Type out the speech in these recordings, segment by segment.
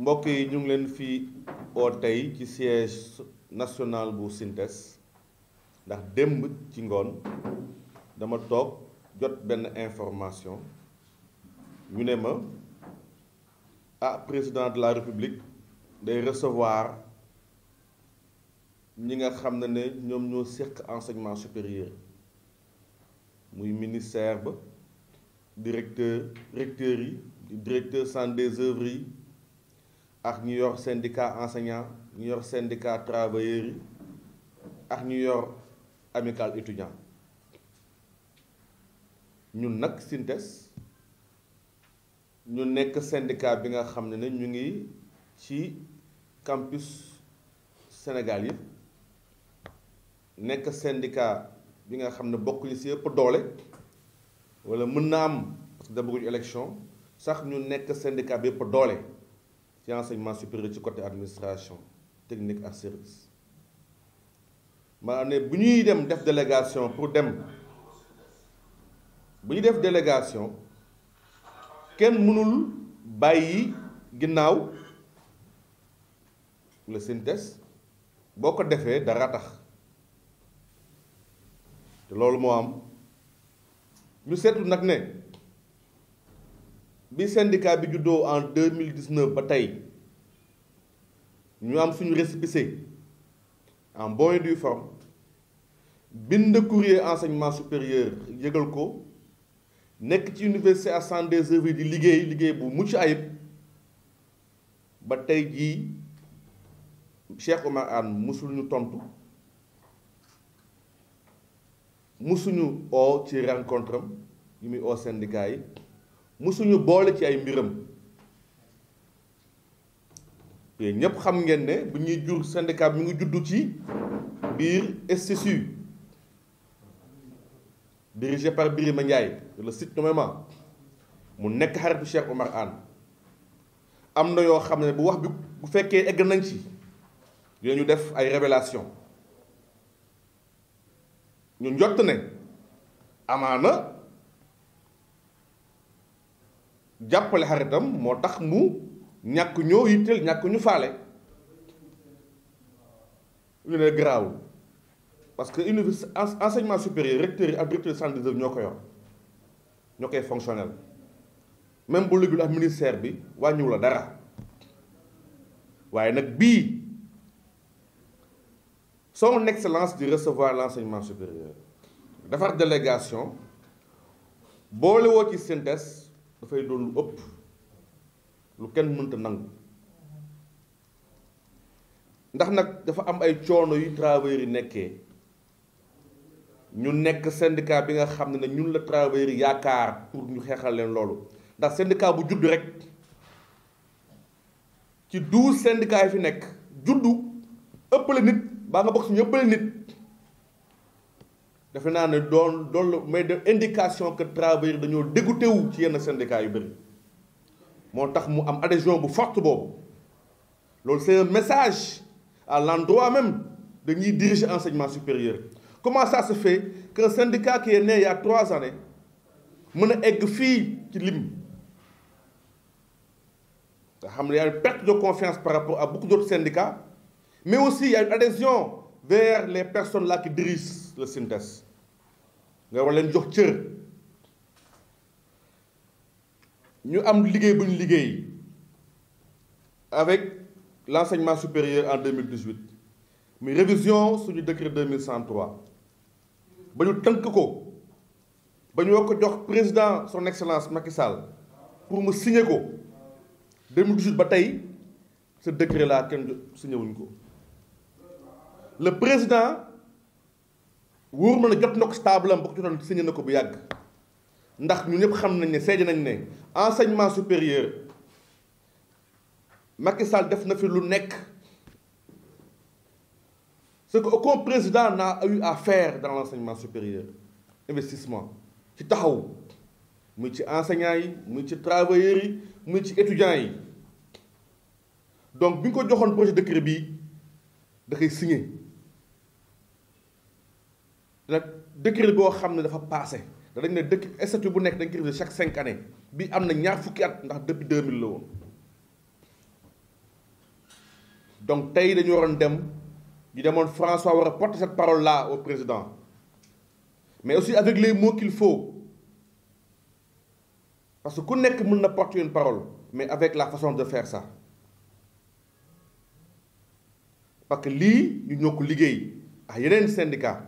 mbokk yi ñu ngi leen fi oo tey ci siège national bu Sintes ndax démb ci ngoon dama toog jot benn information ñu ne ma ah président de la république day recevoir ñi nga xam ne ne ñoom ñoo séq enseignement supérieur muy ministère ba directeur recteur yi directeur centre des œuvres ak ñu yor syndicat enseignant ñu yor syndicat travailleurs yi ak ñu yor amical étudiant ñun nag SYNTES ñu nekk syndicat bi nga xam ne ne ñu ngi ci campus Sénégal yi nekk syndicat bi nga xam ne bokkuñu si yëpp doole wala mën na am parce que da élection sax ñu nekk syndicat bi yëpp doole d'enseignement enseignement supérieur du côté administration technique à service Mais suis venu à dem délégation pour dem bu ñu def délégation kenn mënul fait le synthèse boo ko defee dara tax te loolu moo am ñu seetlu nag ne bi syndicat bi juddoo en deux mille dix neuf ba tey ñu am suñu récépissé en bonne et due forme bind courrier enseignement supérieur yëgal ko nekk ci université à centre des œuvres di liggéey liggéey bu mucc ayib ba tey jii Cheikh Oumar Anne musul ñu tontu musuñu oo ci rencontre am yi muy oo syndicat yi musuñu boole ci ay mbiram xam ngeen ne bu jur syndicat mi ngi ci dirigé par Birima Ndiaye le site nommément mu nekk xaritu Cheikh Omar Anne bu bu egg nañ ci def ay révélation ne jàppale xaritam moo tax mu ñàkk ñoo yitteel ñàkk ñu faale ñu ne garaawul parce que université enseignement supérieur recteur yi ak directeur de centre de service ñoo ko yor ñoo koy fonctionnel même bu liggéeyul ak ministère bi wàññiwu la dara waaye nag bii son excellence di recevoir l' enseignement supérieur defar délégation boole woo ci synthèse da fay doon lu ëpp lu kenn mënta nangu ndax nag dafa am ay coono yu travailleurs yi nekkee ñu nekk syndicat bi nga xam ne ñun la travailleurs yi yaakaar pour ñu xeexal leen loolu ndax syndicat bu judd rek ci 12 syndicat yi fi nekk judd ëppale nit ba nga bokk suñu ëppale nit Nous naa ne doon doon mais indication que travailleurs de dégoûté wu ci yenn syndicat yu bëri mu adhésion forte c'est un message à l'endroit même de ñuy diriger enseignement supérieur comment ça se fait qu'un syndicat qui est né il y a trois années mën egg ci y a une perte de confiance par rapport à beaucoup d'autres syndicats mais aussi une adhésion vers les personnes là qui dirigent le SINTES nga war leen jox cër ñu am liggéey avec l'enseignement supérieur en 2018 muy révision suñu décret 2103 ba ñu tënk ko ba ñu ko jox président son excellence Macky Sall pour me signer ko 2018 ba tey ce décret là kenn signé wuñ ko le président wóor ma jot na stable am ba ko jotoon signé na ko bu yàgg ndax ñu ñëpp xam nañ ne seede nañ ne enseignement supérieur Macky Sall def na fi lu nekk ce que aucun président n'a eu affaire dans l'enseignement supérieur investissement ci taxaw muy ci enseignants yi muy ci travailleurs yi muy ci étudiants yi donc bi ñu ko joxoon projet décret crédit da koy signé la décret go xamne ne dafa pas. dañ né dëkk statut bu nek chaque 5 années bi amna ñaar fukki at ndax depuis 2000 la won donc tay dañu waroon dem ñu demone François de porter cette parole là au président mais aussi avec les mots qu'il faut parce que ku nek mën na porter une parole mais avec la façon de faire ça parce que li ñu ñoko Il liggéey a yeneen syndicat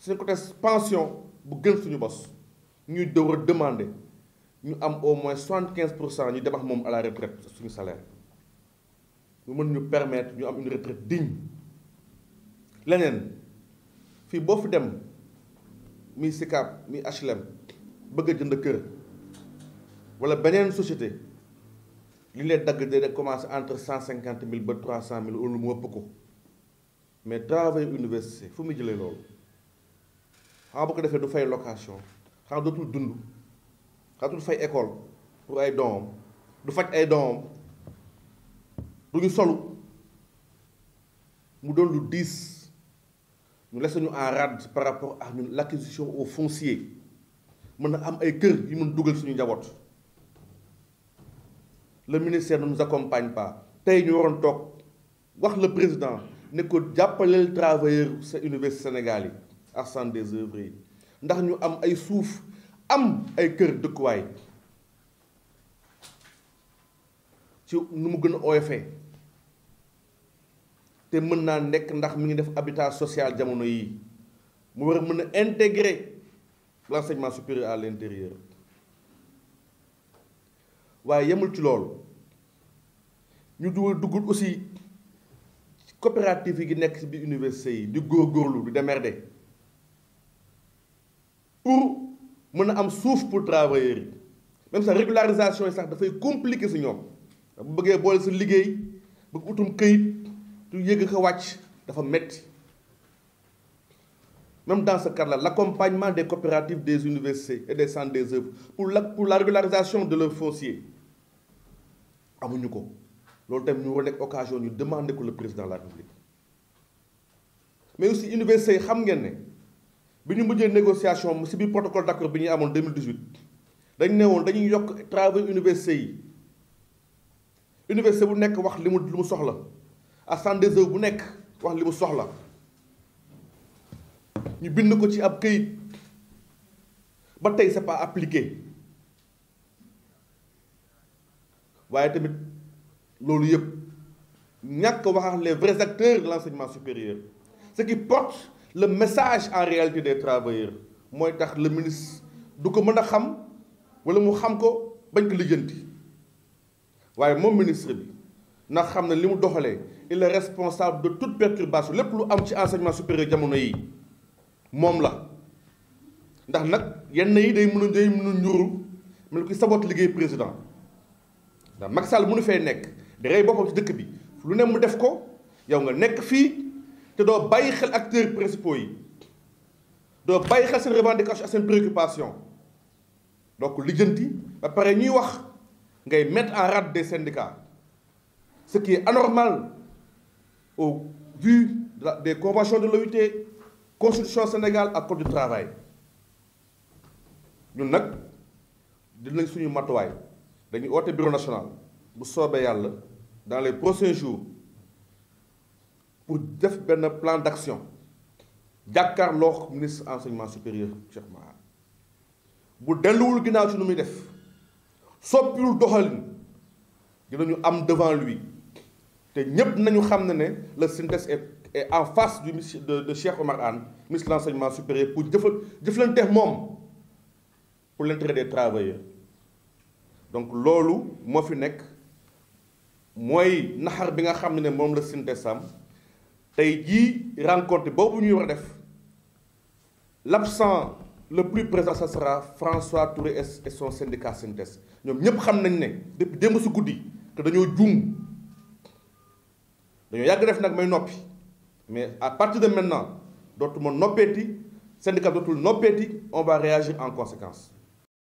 c'est une pension bu pension, nous devons demander ñu am au moins 75% de à la retraite suñu salaire Nous devons nous permettre ñu une retraite digne L'année fi bo fi dem mi sikap mi HLM bëgg a jënd kër wala société li est dagg de commencer entre 150 000 et 300 000 mais lu mu l'université, il mais travail université fu mu jëlee xam bu ko defee du fay location xam dootul dund xam fay école pour ay doomam du faj ay doomam du ñu solu mu doon lu diis ñu laisse ñu en rade par rapport à ñun l'acquisition au foncier mën na am ay kër yi mën dugal suñu njaboot le ministère ne nous accompagne pas tey ñu waroon toog wax le président ne ko jàppaleel travailleur sa université Sénégal yi à des désœuvrer. yi ndax ñu am ay suuf am ay ci habitat social jamono intégrer l'enseignement supérieur à l'intérieur waaye yemul ci ñu aussi coopérative yi nekk ci université pour on a am pour travailler. même sa régularisation est ça, dafay compliqué si ñoom bu gens boole sa liggéey tout utum këyit tu watch, ça dafa mettre. même dans ce cas là l'accompagnement des coopératives des universités et des centres des œuvres pour la régularisation de leurs fonciers amuñu ko loolu tamit ñu war occasion demander ko le président de la République mais aussi l'université. xam biñu ñu mujjee négociation si biir protocole d'accord bi 2018 dañ ne woon dañuy yokk travail université yi université bu nek wax limu mu li mu soxla assemblée des bu nek wax limu soxla ñu bind ko ci ab këyit ba tay c'est pas appliqué waye tamit lolu yëpp ñak waxax les vrais acteurs de l'enseignement supérieur ce qui porte le message en réalité des travailleurs moy tax le ministre du ko meuna xam wala mu xam ko bañ ko lijjanti waye mom ministre bi na xam ne li mu il est responsable de toute perturbation lepp lu am ci enseignement supérieur jamono yi mom la ndax nak yenn yi day meuna day meuna a ñuru mel ko sabote liguey président da Macky Sall mënu fee nekk di bopam ci dëkk bi lu ne mu def ko yow nga nek fi te doo bàyyi xel acteurs principaux yi doo bàyyi xel seen revendication ak préoccupation donc l'identité, ba pare ñuy wax ngay mettre en rade des syndicats ce qui est anormal au vu des conventions de l'OIT constitution Sénégal Accord code du travail ñun nag dinañ suñu matuwaay dañuy oote bureau national bu soobee yàlla dans les prochains jours pour def un plan d'action Dakar, jàkkaarloo ministre enseignement supérieur Cheikh Mahan bu delluwul ginnaaw ci nu muy def soppiwul doxalin nous am devant lui te ñépp nañu xam le syndicat est en face du de de ministre de l'enseignement supérieur pour jëfa un terme pour l'intérêt des travailleurs donc loolu moo fi nekk mooy naxar bi nga xam ne moom syndicat sam tey jii rencontre bobu ñu wara def l'absent le plus présent ça sera François Touré et son syndicat Syntes ñom ñep xam nañ ne depuis nous si guddi que dañu juum dañu yag def nak may nopi mais à partir de maintenant dootuma noppeeti syndicat dootul noppeeti on va réagir en conséquence